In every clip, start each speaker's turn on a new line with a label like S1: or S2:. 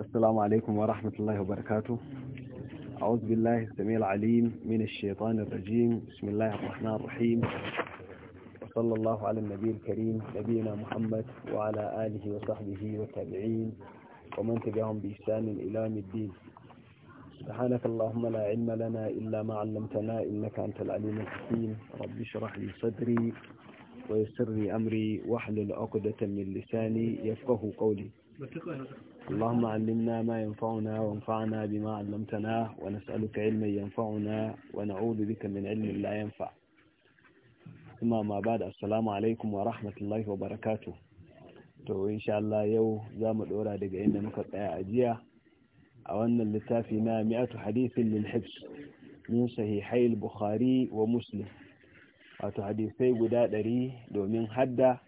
S1: السلام عليكم ورحمة الله وبركاته أعوذ بالله السميع العليم من الشيطان الرجيم بسم الله الرحمن الرحيم وصلى الله على النبي الكريم نبينا محمد وعلى آله وصحبه والتابعين ومن تبعهم بإحسان إلى الدين سبحانك اللهم لا علم لنا إلا ما علمتنا إنك أنت العليم الحكيم رب اشرح لي صدري ويسر لي أمري واحلل عقدة من لساني يفقه قولي اللهم علمنا ما ينفعنا وانفعنا بما علمتنا ونسألك علما ينفعنا ونعوذ بك من علم لا ينفع ثم ما بعد السلام عليكم ورحمة الله وبركاته to insha Allah yau za mu ɗora daga inda muka tsaya a jiya a wannan littafi na mi'atu hadithin lil hibs min sahihai al-bukhari wa muslim wato hadisai guda ɗari domin hadda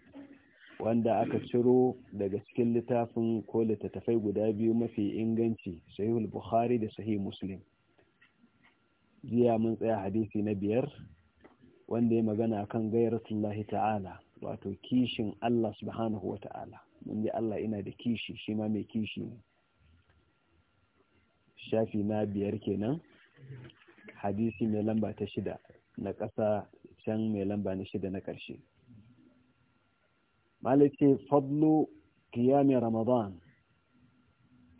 S1: wanda aka ciro daga cikin littafin ko littattafai guda biyu mafi inganci sahihul bukhari da sahih muslim jiya mun tsaya hadisi na biyar wanda ya magana kan gairatullahi ta'ala wato kishin Allah subhanahu wa ta'ala mun ji Allah ina da kishi shi ma mai kishi ne shafi na biyar kenan hadisi mai lamba ta shida na ƙasa can mai lamba na shida na ƙarshe malice fadlu kiyami ramadan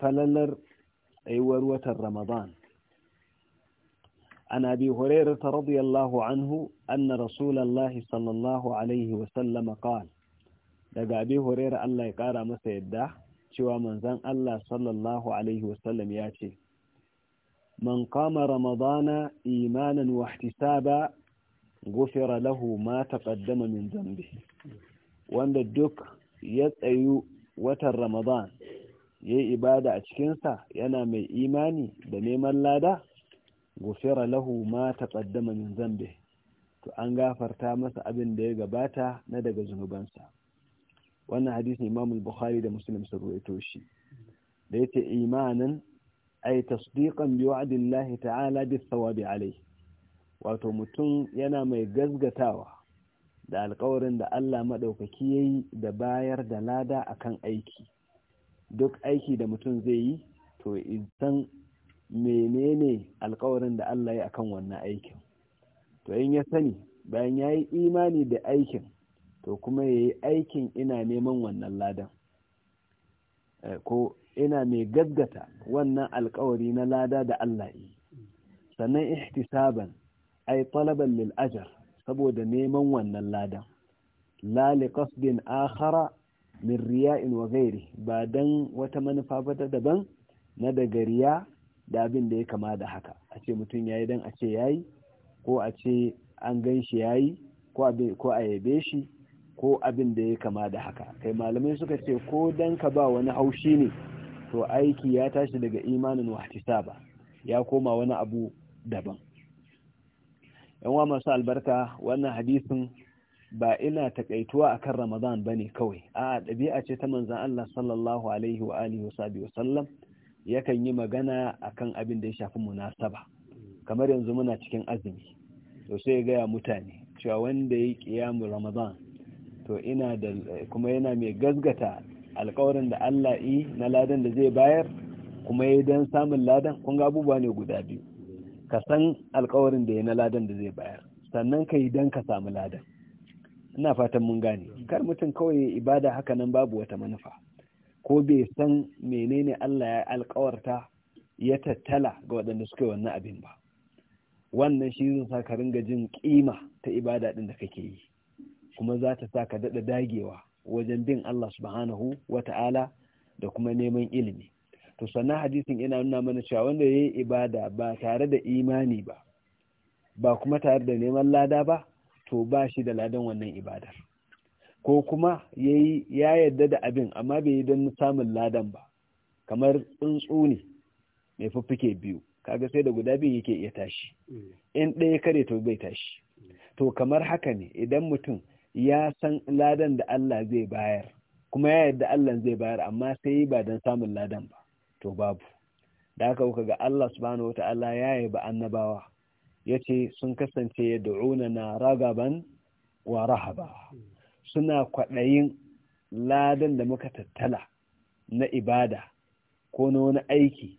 S1: falalar tsayuwar watan ramadan an abi horaira ta radiyallahu anhu anna rasulallahi sallallahu alaihi wasallama qal daga abi horaira allah ya kara masa yadda cewa manzan allah sallallahu alaihi wasallam ya ce من قام رمضان إيمانا واحتسابا غفر له ما تقدم من ذنبه wanda duk ya tsayu watan ramadan ya yi ibada a cikinsa yana mai imani da neman lada gufera lahu ma ta kaddama min zambe to an gafarta masa abin da ya gabata na daga zunubansa wannan hadisi imam bukhari da muslim sun ruwaito shi da yace imanin ay tasdiqan bi wa'dillahi ta'ala bis sawabi alayhi wato mutum yana mai gazgatawa da alkawarin da Allah maɗaukaki ya yi da bayar da lada akan aiki duk aiki da mutum zai yi to san menene alkawarin da Allah ya akan wannan aikin to in ya sani bayan ya yi imani da aikin to kuma ya yi aikin ina neman wannan ladan eh, ko ina mai gaggata wannan alkawari na lada da Allah yi sannan ihtisaban ai talaban lil ajar saboda neman wannan Ladan, lali li qasdin akhara min riya'in wa ghairi ba dan wata manufa ba ta daban na da gariya, da abin da ya kama da haka a ce mutum yayi dan a ce yayi ko a ce an gan shi yayi ko ko a yabe shi ko abin da ya kama da haka kai malamai suka ce ko dan ka ba wani haushi ne to aiki ya tashi daga imanin ba, ya koma wani abu daban yanwa masu albarka wannan hadisin ba ina takaituwa akan ramadan ba ne kawai a ɗabi'a ce ta manzan Allah sallallahu alaihi wa wa sallam yakan yi magana a kan abin da ya shafi munasaba kamar yanzu muna cikin azumi to sai ya gaya mutane cewa wanda ya mu ramadan to ina da kuma yana mai gazgata alkawarin da Allah yi na ladan da zai bayar kuma ya dan samun ladan kun abubuwa ne guda biyu ka san alkawarin da ya na ladan da zai bayar sannan ka yi don ka samu ladan ina fatan mun gane kar mutum kawai ibada haka nan babu wata manufa ko bai san menene Allah ya alkawarta ya tattala ga waɗanda suka yi wannan abin ba wannan shi zai sa ka ringa jin kima ta ibada ɗin da kake yi kuma za ta sa ka daɗa dagewa wajen bin Allah subhanahu wa ta'ala da kuma neman ilimi to sannan hadisin ina nuna mana cewa wanda ya yi ibada ba tare da imani ba ba kuma tare da neman lada ba to ba shi da ladan wannan ibadar ko kuma ya yarda da abin amma bai yi don samun ladan ba kamar tsuntsu ne mai fuffuke biyu kaga sai da guda biyu yake iya tashi mm. in ɗaya kare to bai tashi mm. to kamar haka ne idan mutum ya san ladan da Allah zai bayar kuma ya yarda Allah zai bayar amma sai ba don samun ladan ba to babu da haka kuka ga Allah subhanahu wata'ala ya yaba annabawa ya ce sun kasance ya da'una na ragaban wa rahaba suna kwaɗayin ladan da muka tattala na ibada ko na wani aiki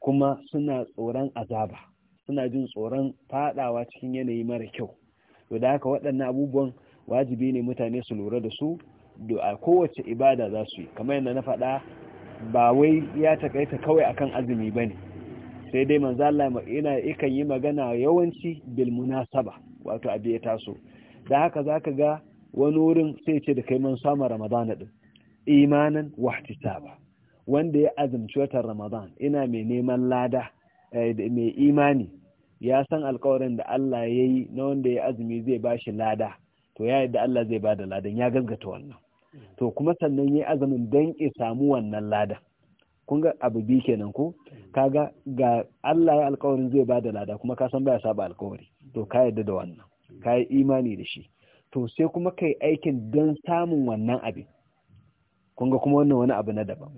S1: kuma suna tsoron azaba suna jin tsoron fadawa cikin yanayi mara kyau to da haka waɗannan abubuwan wajibi ne mutane su lura da su kowace ibada za su yi kamar yadda na faɗa ba wai ya takaita kawai akan azumi ba ne. sai dai manzo Allah yana yi magana yawanci bil munasaba wato abu ya taso da haka zaka ga wani wurin sai ce da kai man samu ramadana din imanan wahtisaba wanda ya azumci watan ramadan ina mai neman lada eh, mai imani ya san alkawarin da Allah ya yi na wanda ya azumi zai ba shi lada to ya da Allah zai bada ladan ya gaggata wannan to kuma sannan ya azumin don ya samu wannan lada kun ga abu biyu kenan ko kaga ga Allah ya alƙawarin zai ba da lada kuma ka san baya saba alkawari to ka yadda da wannan ka yi imani da shi to sai kuma kai aikin don samun wannan abin kun ga kuma wannan wani abu na daban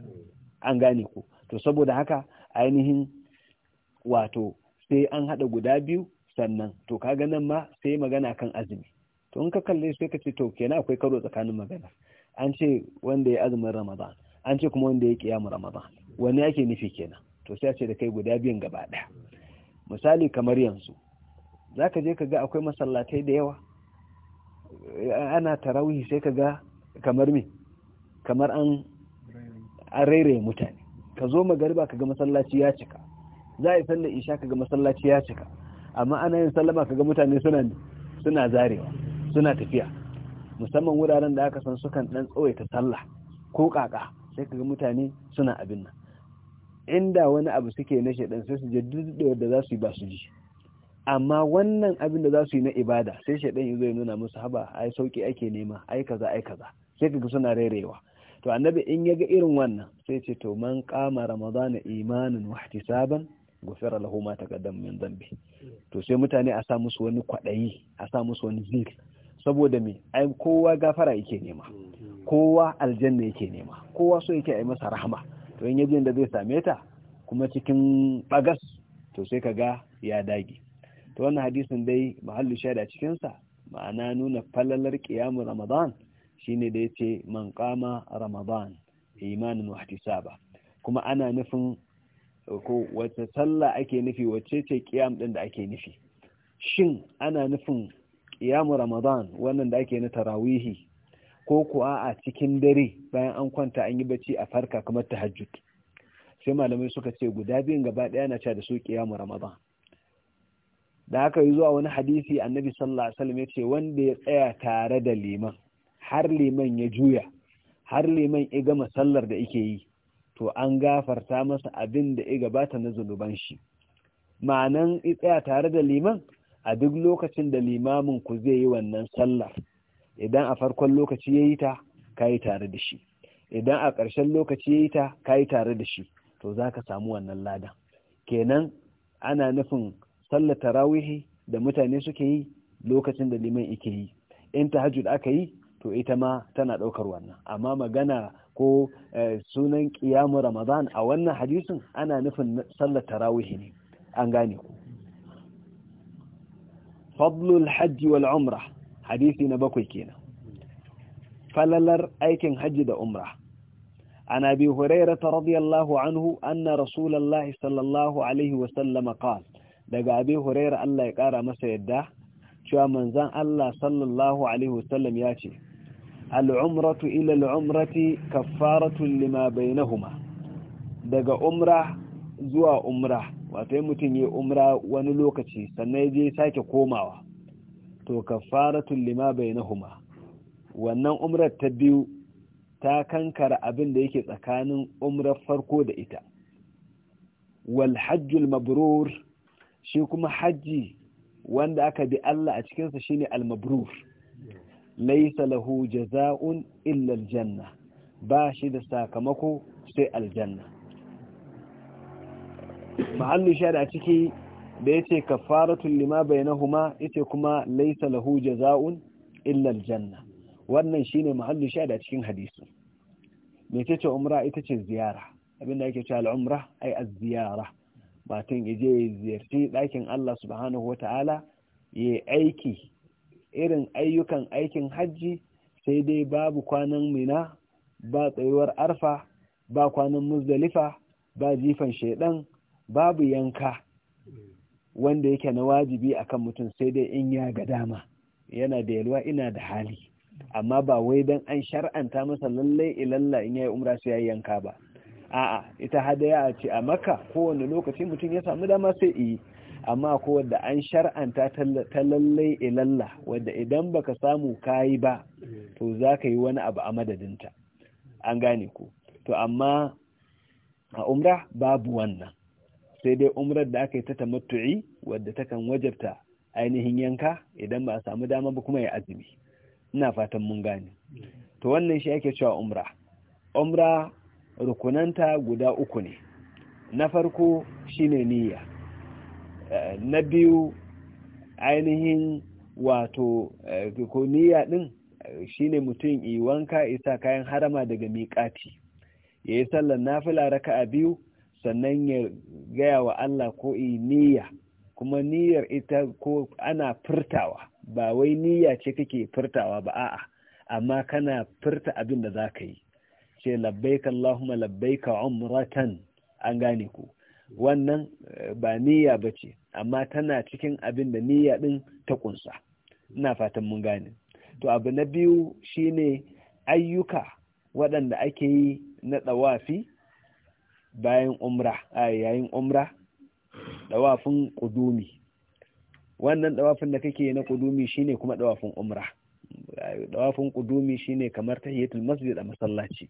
S1: an gane ku to saboda haka ainihin wato sai an haɗa guda biyu sannan to ka ga nan ma sai magana kan azumi to in ka kalle sai ka ce to kenan akwai karo tsakanin magana an ce wanda ya azumin ramadan an ce kuma wanda ya kiyamu ramadan wani ake nufi kenan to sai a ce da kai guda biyan gaba ɗaya misali kamar yanzu za ka je ka ga akwai masallatai da yawa ana tarawihi sai ka ga kamar me kamar an rairaye mutane ka zo magariba ka ga masallaci ya cika za a yi sallar isha ka ga masallaci ya cika amma ana yin sallama ka ga mutane suna zarewa suna tafiya musamman wuraren da aka san sukan dan tsawaita sallah ko kaka sai kaga mutane suna abin nan inda wani abu suke na shaidan sai su je duk da za su yi ba su ji amma wannan abin da za yi na ibada sai shaidan ya zo ya nuna musu haba ai sauki ake nema ai kaza ai kaza sai kaga suna rerewa to annabi in ya ga irin wannan sai ce to man kama ramadana imanin ihtisaban gufira lahu ma taqaddama min dhanbi to sai mutane a sa musu wani kwadayi a sa musu wani zikr saboda me ai kowa gafara yake nema kowa aljanna yake nema kowa so yake ai masa rahama to in yaji da zai same ta kuma cikin bagas to sai kaga ya dage to wannan hadisin dai mahallu shaida cikin sa ma'ana nuna falalar qiyam ramadan shine da yace man qama ramadan imanin wahtisaba kuma ana nufin ko wace sallah ake nufi wacce ce kiyam din da ake nufi shin ana nufin iyamu ramadan wannan da ake na tarawihi ko kuwa a cikin dare bayan an kwanta an yi bacci a farka kamar tahajjud sai malamai suka ce guda biyun gaba ɗaya na cewa da su kiyamu ramadan da haka yi zuwa wani hadisi annabi sallallahu alaihi wasallam ya ce wanda ya tsaya tare da liman har liman ya juya har liman ya gama sallar da yake yi to an gafarta masa abin da ya gabata na zunuban shi ma'anan ya tsaya tare da liman a duk lokacin da limamin ku zai yi wannan sallar idan a farkon lokaci ya yi ta ka yi tare da shi idan a ƙarshen lokaci ya yi ta ka yi tare da shi to za ka samu wannan lada. kenan ana nufin sallar tarawihi da mutane suke yi lokacin da liman ike yi in tahajjud aka yi to ita ma tana ɗaukar wannan amma magana ko eh, sunan ƙiyamu ramadan a wannan hadisin ana nufin sallar tarawihi ne an gane ku fadlul hajji wal umra hadisi na bakwai kenan falalar aikin hajji da umra an abi hurairah radiyallahu anhu anna rasulullahi sallallahu alaihi wa sallam daga abin hurairah Allah ya kara masa yadda cewa manzon Allah sallallahu alaihi wa sallam ya ce al umratu ila al umrati kaffaratu lima bainahuma daga umra zuwa umra. wato yin mutum ya umra wani lokaci sannan ya je sake komawa to kafaratun lima bai nahuma wannan umrar ta biyu ta kankara abin da yake tsakanin umrar farko da ita wal hajjul mabrur shi kuma hajji wanda aka bi Allah a cikinsa shine al mabrur laysa lahu jaza'un illa janna ba shi da sakamako sai aljanna mahallu shari a ciki da ya yace kafaratun lima huma ita kuma laisa lahu jaza'un illar janna. wannan shi ne mahallu shari a cikin hadisu. hadisi ce umra ita ce ziyara abinda yake ce al'umra ai a ziyara Ba tun ije ziyarci ɗakin Allah subhanahu wata'ala yayi aiki irin ayyukan aikin hajji sai dai babu kwanan mina ba tsayuwar arfa ba kwanan muzdalifa ba jifan shaidan babu yanka wanda yake na wajibi akan mutum sai dai in ya ga dama yana da yalwa ina da hali amma ba wai don an shar'anta masa lallai ilalla in ya yi umra ya yi yanka ba a'a ita hadaya a ce a maka kowane lokaci mutum ya samu dama sai iya amma ko an shar'anta ta lallai ilalla wadda idan baka samu kayi ba to za ka yi wani abu a madadinta an gane ku to amma a umra babu wannan sai dai umrar da aka yi ta tamattu'i wadda takan wajabta ainihin yanka idan ba a samu dama ba kuma ya azumi ina fatan mun gane to wannan shi ake cewa umra umra rukunanta guda uku ne na farko shine niyya eh, na biyu ainihin wato eh, ko niyya din eh, shine mutum yi wanka isa kayan harama daga miƙati Ya yi sallar nafila raka'a biyu sannan ya gaya wa Allah ko niyya kuma niyyar ita ko ana firtawa. ba wai niyya ce kake firtawa ba a'a amma kana firta abin da za ka yi ce labbaika Allahumma labbaika umratan an gane ku wannan eh, ba niyya ba ce amma tana cikin abin da niyya din ta kunsa ina fatan mun gane to abu na biyu shine ayyuka waɗanda ake yi na ɗawafi bayan umra a yayin umra dawafin kudumi wannan dawafin da kake na kudumi shine kuma dawafin umra dawafin kudumi shine kamar tahiyatul masjid a masallaci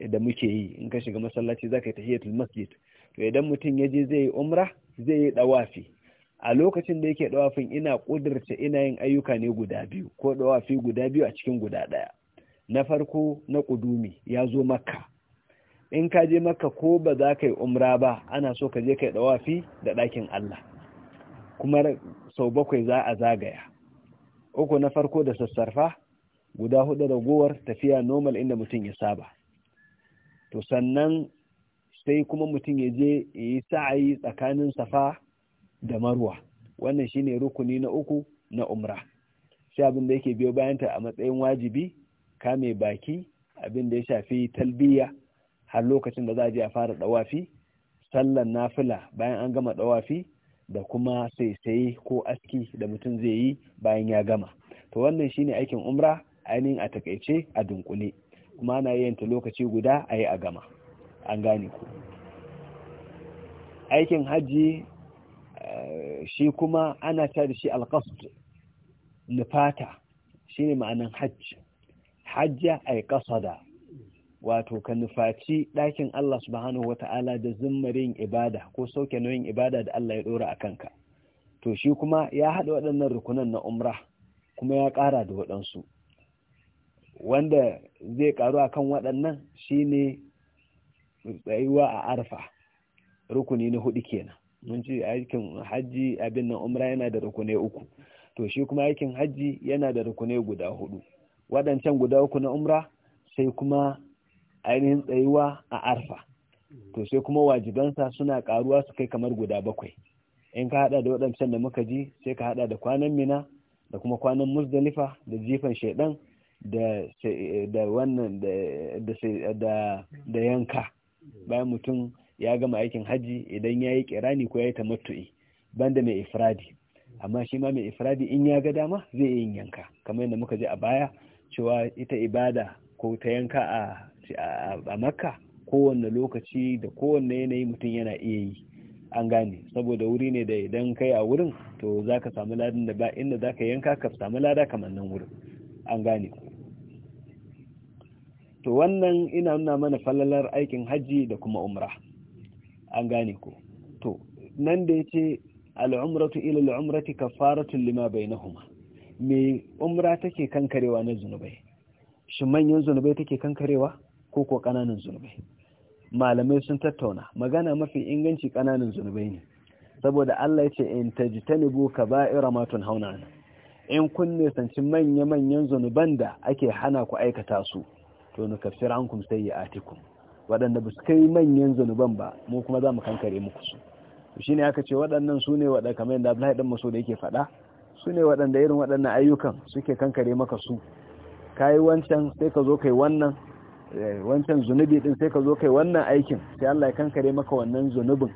S1: Idan muke yi in ka shiga masallaci zaka yi tahiyatul masjid to idan mutum ya je zai yi umra zai yi dawafi a lokacin da yake dawafin ina kudurta ina yin ayyuka ne guda biyu ko dawafi guda biyu a cikin guda daya na farko na kudumi ya zo makka in ka je maka ko ba za ka yi umra ba ana so ka je ka yi dawafi da ɗakin Allah kuma sau bakwai za a zagaya uku na farko da sassarfa guda hudu da gowar tafiya normal inda mutum ya saba to sannan sai kuma mutum ya je yi sa'ayi tsakanin safa da marwa wannan shine rukuni na uku na umra sai abin da yake biyo bayanta a matsayin wajibi kame baki abin da ya shafi talbiya har lokacin da za a je a fara ɗawafi, sallan nafila bayan an gama ɗawafi da kuma saisaye ko aski da mutum zai yi bayan ya gama to wannan shine aikin umra ainihin a takaice a dunkule kuma ana yin ta lokaci guda a yi a gama an gane ku aikin hajji eh, shi kuma ana ta da shi alƙasd nufata shi ne ma'anin hajja ay qasada wato ka nufaci ɗakin Allah subhanahu wata'ala da zimmarin ibada ko sauke nauyin ibada da Allah ya ɗora a kanka to shi kuma ya haɗa waɗannan rukunan na umra kuma ya ƙara da waɗansu wanda zai ƙaru a kan waɗannan shi ne tsayuwa a arfa rukuni na hudu kenan mun ci aikin hajji abin nan umra yana da rukunai uku to shi kuma aikin hajji yana da rukunai guda hudu waɗancan guda uku na umra sai kuma ainihin tsayuwa a arfa to sai kuma wajibansa suna karuwa su kai kamar guda bakwai in ka hada da waɗancan da muka ji sai ka hada da kwanan mina da kuma kwanan musdalifa da jifan shaidan da wannan da yanka bayan mutum ya gama aikin hajji idan ya yi kirani ko ya yi tamattu'i banda mai ifradi amma shi ma mai ifradi in ya ga dama zai yi yanka kamar yadda muka ji a baya cewa ita ibada ko ta yanka a a makka kowanne lokaci da kowanne yanayi mutum yana iya yi an gane saboda wuri ne da idan kai a wurin to za ka samu ladin da ba inda za ka yanka ka samu lada kamar nan wurin an gane to wannan ina nuna mana falalar aikin hajji da kuma umra an gane ko to nan da yace al'umratu ila al'umrati kafaratu lima bainahuma me umra take kankarewa na zunubai shi manyan zunubai take kankarewa ko ko ƙananan zunubai malamai sun tattauna magana mafi inganci kananan zunubai ne saboda Allah ya ce in tajtanibu kaba'ira ma tunhauna in kun nisanci manya-manyan zunuban da ake hana ku aikata su to ni kafsir ankum sayyi'atikum waɗanda ba su kai manyan zunuban ba mu kuma za mu kankare muku su shine aka ce waɗannan su ne waɗanda kamar yadda Abdullahi dan Masud yake faɗa su ne waɗanda irin waɗannan ayyukan suke kankare maka su kayi wancan sai ka zo kai wannan Eh, wancan zunubi din sai ka zo kai wannan aikin sai Allah ya kankare maka wannan zunubin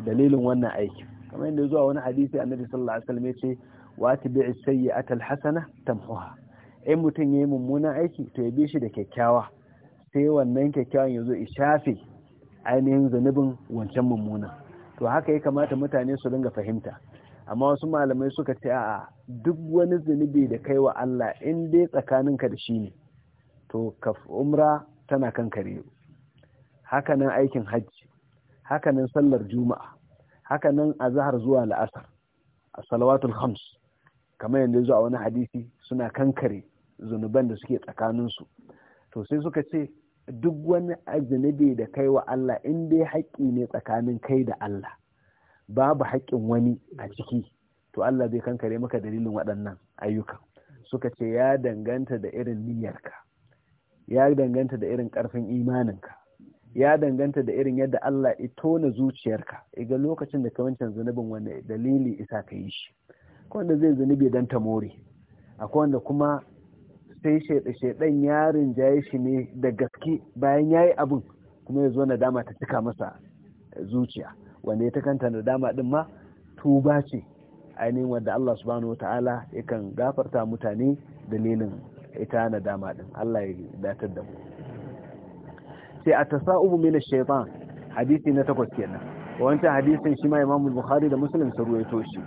S1: dalilin wannan aikin kamar yadda zuwa wani hadisi annabi sallallahu alaihi wasallam yace wa tabi'i sayyi'atal hasana tamhuha in mutum yayi mummunan aiki to ya bi shi da kyakkyawa sai wannan kyakkyawan ya zo shafe ainihin zunubin wancan mummuna to haka ya kamata mutane su dinga fahimta amma wasu malamai suka ce a duk wani zunubi da kai wa Allah in dai tsakaninka da shi ne to ka umra tana kan kare hakanan aikin hajji hakanan sallar juma'a hakanan azhar zuwa la'asar as-salawatul khams kamar yadda zuwa wani hadisi suna kankare zunuban da suke tsakaninsu to sai suka ce duk wani azunubi da kai wa Allah in dai haƙƙi ne tsakanin kai da Allah babu haƙƙin wani a ciki to Allah zai kankare maka dalilin waɗannan ayyukan suka ce ya danganta da irin niyyarka ya danganta da irin ƙarfin imaninka ya danganta da irin yadda Allah ya tona zuciyarka iga lokacin da ka wancan zunubin wanda dalili isa ka yi shi ko wanda zai zunubi dan ta more akwai wanda kuma sai shaidan ya rinjaye shi ne da gaske bayan yayi abin kuma ya zo nadama ta cika masa zuciya wanda ya ta kanta nadama din ma tuba ce ainihin wanda Allah subhanahu wataala yakan gafarta mutane dalilin ita na dama din Allah ya datar da mu sai a tasa'ubu min ash-shaytan hadisi na takwas kenan wancan hadisin shi ma Imam Bukhari da Muslim sun ruwaito shi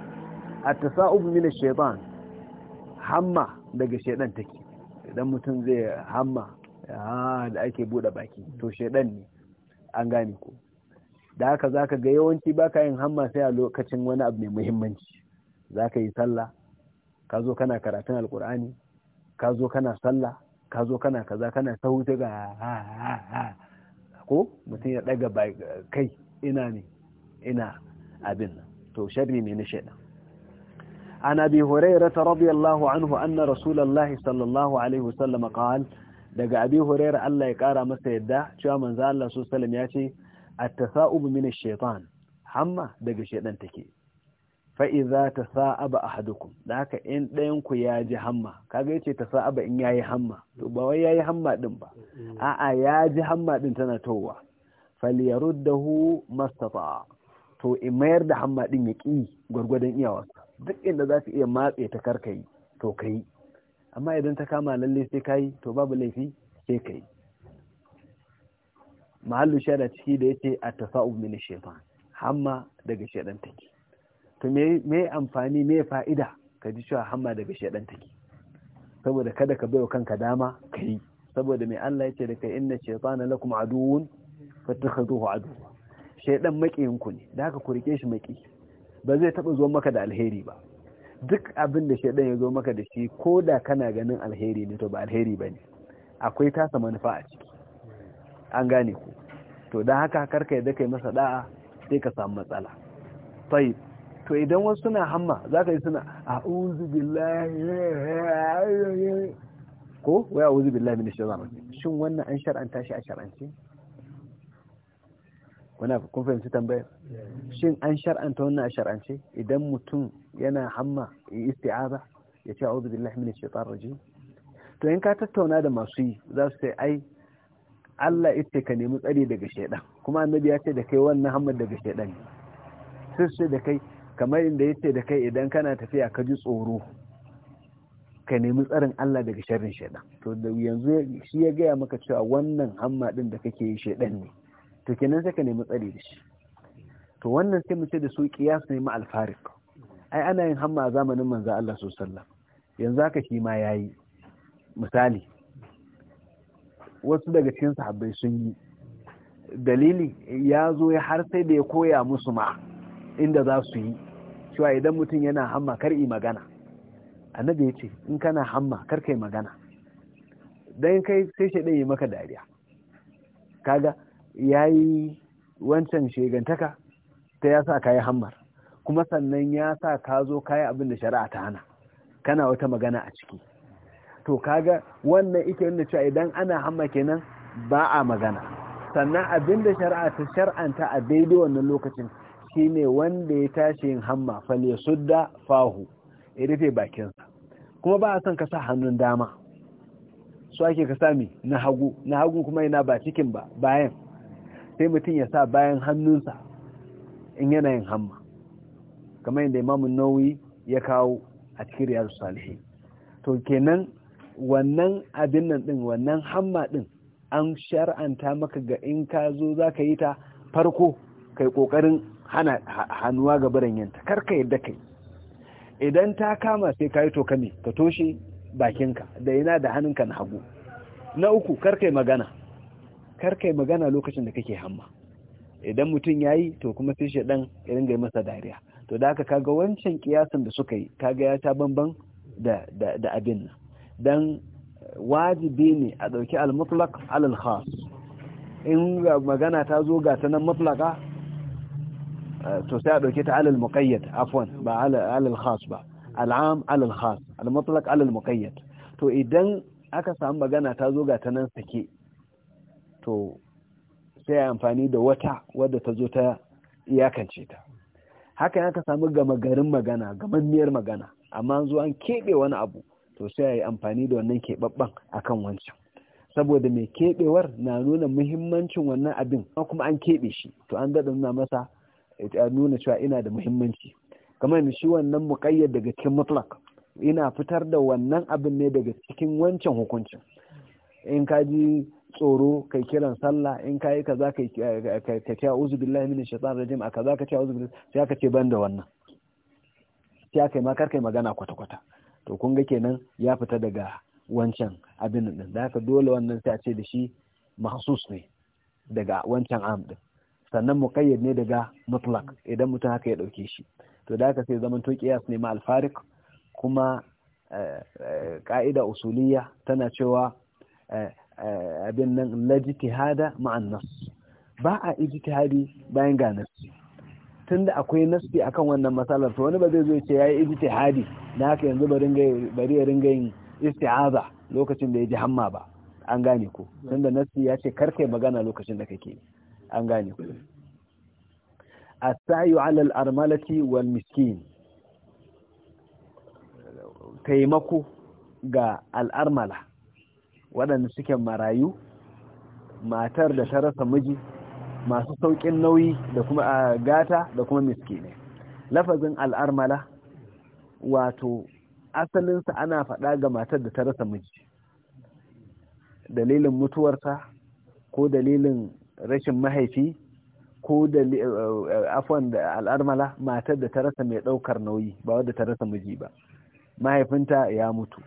S1: a tasa'ubu min ash-shaytan hamma daga shaydan take idan mutum zai hamma da ake bude baki to shaydan ne an gane ko da haka zaka ga yawanci baka yin hamma sai a lokacin wani abu mai muhimmanci zaka yi sallah ka zo kana karatun alkur'ani ka zo kana sallah ka zo kana kaza kana sahu ga ko mutum ya daga kai ina ne ina abin nan to sharri ne na shaidan عن أبي هريرة رضي الله عنه أن رسول الله صلى الله عليه وسلم قال دقى أبي هريرة ألا يقارى مسيدة شو من ذا الله صلى الله عليه وسلم ياتي التثاؤب من الشيطان حما دقى شيطان تكي fa'iza ta sa'aba a hadukun da haka in ɗayanku ya ji hamma Ka kaga ce ta sa'aba in ya yi hamma to ba wai ya yi hamma ɗin ba a'a ya ji hamma ɗin tana towa faliyarud da hu mastafa to in mayar da hamma ɗin ya ƙi gwargwadon iyawarsa duk inda za ka iya matse ta kar karkai to ka yi amma idan ta kama lallai sai ka yi to babu laifi sai ka yi mahallu shaida ciki da ya ce a tasa'ub mini Shefan. hamma daga shaidan take to me amfani me fa'ida ka ji cewa hamma daga shaɗan take saboda kada ka baiwa kanka dama ka yi saboda mai Allah ya ce da kai inna shaytana lakum aduwwun fattakhuduhu aduwwa shaiɗan makiyin ku ne da haka ku rike shi maki ba zai taba zo maka da alheri ba duk abin da shaiɗan ya zo maka da shi ko da kana ganin alheri ne to ba alheri ba ne akwai tasa manufa a ciki an gane ku to don haka karka yadda kai masa da'a sai ka samu matsala طيب to idan wasu suna hamma za ka yi suna a uzu billahi ko waya uzu billahi min shaitan shin wannan an shar'anta shi a shar'ance kuna kun fahimci tambayar shin an shar'anta wannan a shar'ance idan mutum yana hamma a isti'aza ya ce uzu billahi shi shaitanir rajim to in ka tattauna da masu yi za su sai ai Allah ita ka nemi tsari daga shaidan kuma annabi ya ce da kai wannan hamma daga shaidan sai su da kai kamar inda ya ce da kai idan kana tafiya ka ji tsoro ka nemi tsarin Allah daga sharrin shaidan to da yanzu shi ya gaya maka cewa wannan hamma din da kake yi shaidan ne to kenan sai ka nemi tsari da shi to wannan sai mu da su kiyas ne ma alfarik ai ana yin hamma a zamanin manza Allah sallallahu alaihi yanzu haka shi ma yayi misali wasu daga cikin sahabbai sun yi dalili ya zo ya har sai da ya koya musu ma inda za su yi cewa idan mutum yana hamma kar yi magana annabi ya ce in kana hamma kar kai magana dan kai sai shaɗe yi maka dariya kaga yi wancan shegantaka ta yasa yi hammar kuma sannan ya sa ka zo kayi abin da shari'a ta hana kana wata magana a ciki to kaga wannan ike wanda cewa idan ana hamma kenan ba a magana sannan abin da shari'a ta shar'anta a daidai wannan lokacin shine wanda ya tashi yin hamma fal yasudda fahu ya rufe bakinsa kuma ba a son ka sa hannun dama su ake ka sami na hagu na hagu kuma yana ba cikin ba bayan sai mutum ya sa bayan hannunsa in yana yin hamma kamar yadda imamun nauyi ya kawo a cikin riyar salihi to kenan wannan abin nan din wannan hamma din an shar'anta maka ga in ka zo za ka yi ta farko kai kokarin hana hannuwa ga barin yanta karka yadda kai idan ta kama sai ka yi to kame ka toshe bakinka da yana da hannunka na hagu na uku karka magana karka magana lokacin da kake hamma idan mutum ya yi to kuma sai shi dan irin ga masa dariya to da aka kaga wancan kiyasan da suka yi kaga ya ta banban da abin nan dan wajibi ne a dauki al-mutlaq al-khas in magana ta zo ga ta nan mutlaqa to sai a ɗauke ta alal muqayyad afwan ba alal khas ba al'am alal khas al mutlaq alal muqayyad to idan aka samu magana ta zo ga ta nan sake to sai amfani da wata wadda ta zo ta iyakance ta haka aka samu gama garin magana miyar magana amma an zo an keɓe wani abu to sai a amfani da wannan keɓaɓɓen akan wancan saboda mai keɓewar na nuna muhimmancin wannan abin kuma an keɓe shi to an daɗa nuna masa ya nuna cewa ina da muhimmanci kamar da shi wannan muƙayyar daga cikin mutlak ina fitar da wannan abin ne daga cikin wancan hukuncin in ka ji tsoro kai kiran sallah in ka yi kaza kai ka ce uzu billahi min shaitan rajim a kaza ka ce uzu billahi sai ka ce ban wannan sai kai ma kar kai magana kwata kwata to kun ga kenan ya fita daga wancan abin din da dole wannan sai a ce da shi mahsus ne daga wancan am din sannan muqayyad ne daga mutlak idan mutum haka ya dauke shi to da haka sai zaman to qiyas ne ma al kuma eh, eh, ka'ida usuliyya tana cewa eh, abin nan lajitihada ma'an nas ba a ijtihadi bayan ga tun tunda akwai nasfi akan wannan matsalar to wani ba zai zo ya ce yayi ijtihadi na haka yanzu bari ringa bari ya ringa yin isti'aza lokacin da ya ji hamma ba an gane ko tunda nasfi ya ce karkai magana lokacin da kake an gane ku asayu alal armalati wal miskin taimako ga al'armala waɗanda suke marayu matar da ta rasa miji masu sauƙin nauyi da kuma gata da kuma miskinai lafazin al'armala wato asalinsa ana faɗa ga matar da ta rasa miji dalilin mutuwarsa ko dalilin rashin mahaifi ko da eh, afwan da al'armala matar da ta rasa mai ɗaukar nauyi ba wadda ta rasa miji ba mahaifinta ya mutu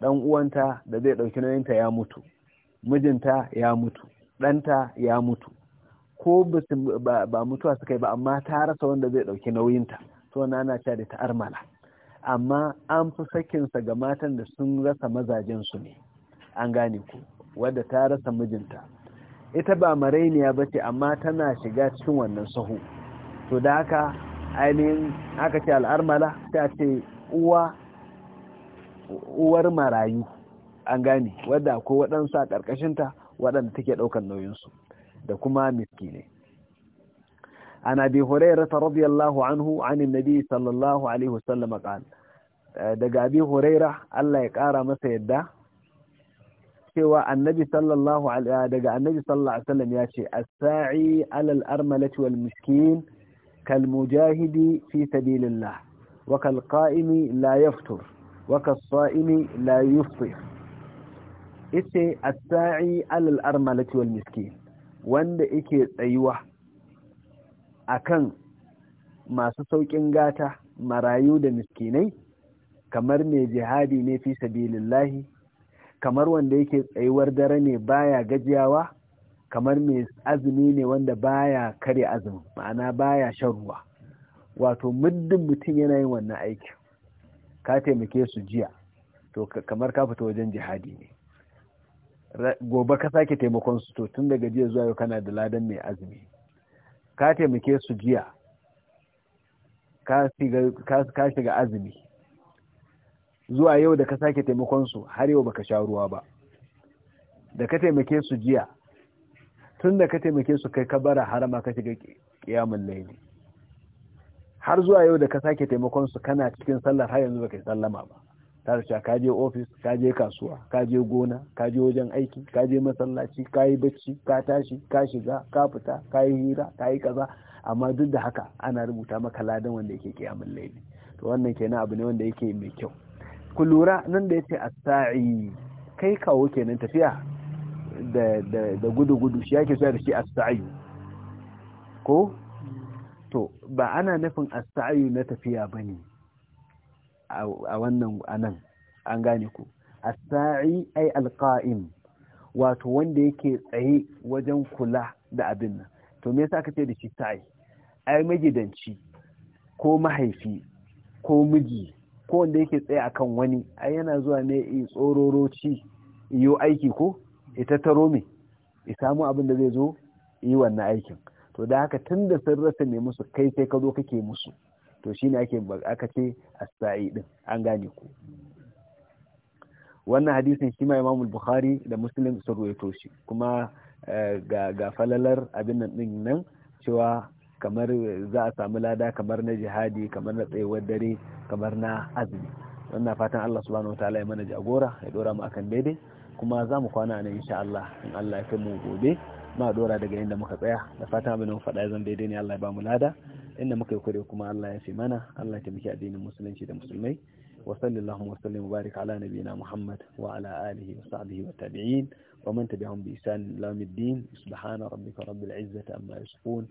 S1: ɗan uwanta da zai ɗauki nauyinta ya mutu mijinta ya mutu ɗanta ya mutu ko ba mutuwa suka yi ba amma ta rasa wanda zai ɗauki nauyinta to na ana cewa ta armala amma an fi sakinsa ga matan da sun rasa mazajensu ne an gane ku wadda ta rasa mijinta ita ba marainiya ba ce amma tana shiga cikin wannan sahu to da haka ainihin aka ce al'armala ta ce uwa uwar marayu an gane wadda ko waɗansu a ƙarƙashinta waɗanda take ɗaukar nauyinsu da kuma miskinai عن أبي هريرة رضي الله عنه Sallallahu alaihi صلى الله عليه Daga قال دقى Allah ya ƙara masa yadda. cewa annabi sallallahu daga annabi sallallahu alaihi wasallam ya ce as-sa'i alal armalati wal miskin kal mujahidi fi sabilillah wa kal qa'imi la yaftur wa kal sa'imi la yufṭir ite as-sa'i alal armalati wal miskin wanda yake tsayuwa akan masu saukin gata marayu da miskinai kamar mai jihadi ne fi sabilillahi kamar wanda yake tsayuwar dare ne baya gajiyawa kamar mai azumi ne wanda baya kare azumi ma'ana baya shan ruwa wato muddin mutum yana yin wannan aiki ka taimake su jiya to kamar ka fita wajen jihadi ne gobe ka sake taimakon su to tun daga jiya zuwa yau kana da ladan mai azumi ka taimake su jiya ka shiga azumi zuwa yau da ka sake taimakon su har yau baka sha ruwa ba da ka taimake su jiya tun da ka taimake su kai ka bara harama ka shiga kiyamun laili har zuwa yau da ka sake taimakon su kana cikin sallar har yanzu baka sallama ba ta rusha ka je ofis ka je kasuwa ka je gona ka je wajen aiki ka je masallaci ka yi bacci ka tashi ka shiga ka fita ka yi hira ka yi kaza amma duk da haka ana rubuta maka ladan wanda yake kiyamun laili to wannan kenan abu ne wanda yake mai kyau ku lura nan da ya ce a sai kai kawo kenan tafiya da gudu gudu shi yake zuwa da shi a sai ko to ba ana nufin a sai na tafiya ba ne a wannan anan an gane ku a sai ai alka'in wato wanda yake tsaye wajen kula da abin nan to me yasa aka ce da shi sa'i ai magidanci ko mahaifi ko miji ko wanda yake tsaye akan wani ai yana zuwa ne i tsororoci iyo aiki ko ita ta me ya samu abin da zai zo yi wannan aikin to da haka tun da sun rasa ne musu kai sai ka zo kake musu to shi ne ake aka ce a sai din an gane ku wannan hadisin shi ma Imam Bukhari da Muslim sun ruwaito shi kuma eh, ga falalar abin nan din nan cewa kamar za a samu lada kamar na jihadi kamar na tsayuwar dare kamar na azumi wannan fatan Allah subhanahu wataala ya mana jagora ya dora mu akan daidai kuma za mu kwana nan insha Allah in Allah ya kai mu gobe ma dora daga inda muka tsaya da fatan abin da fada faɗa zan daidai ne Allah ya ba mu lada inda muka yi kure kuma Allah ya fi mana Allah ya taimaki addinin musulunci da musulmai wa sallallahu wa sallam wa baraka ala nabiyina Muhammad wa ala alihi wa sahbihi wa tabi'in wa man tabi'ahum bi ihsan ila yawmiddin subhana rabbika rabbil izzati amma yasifun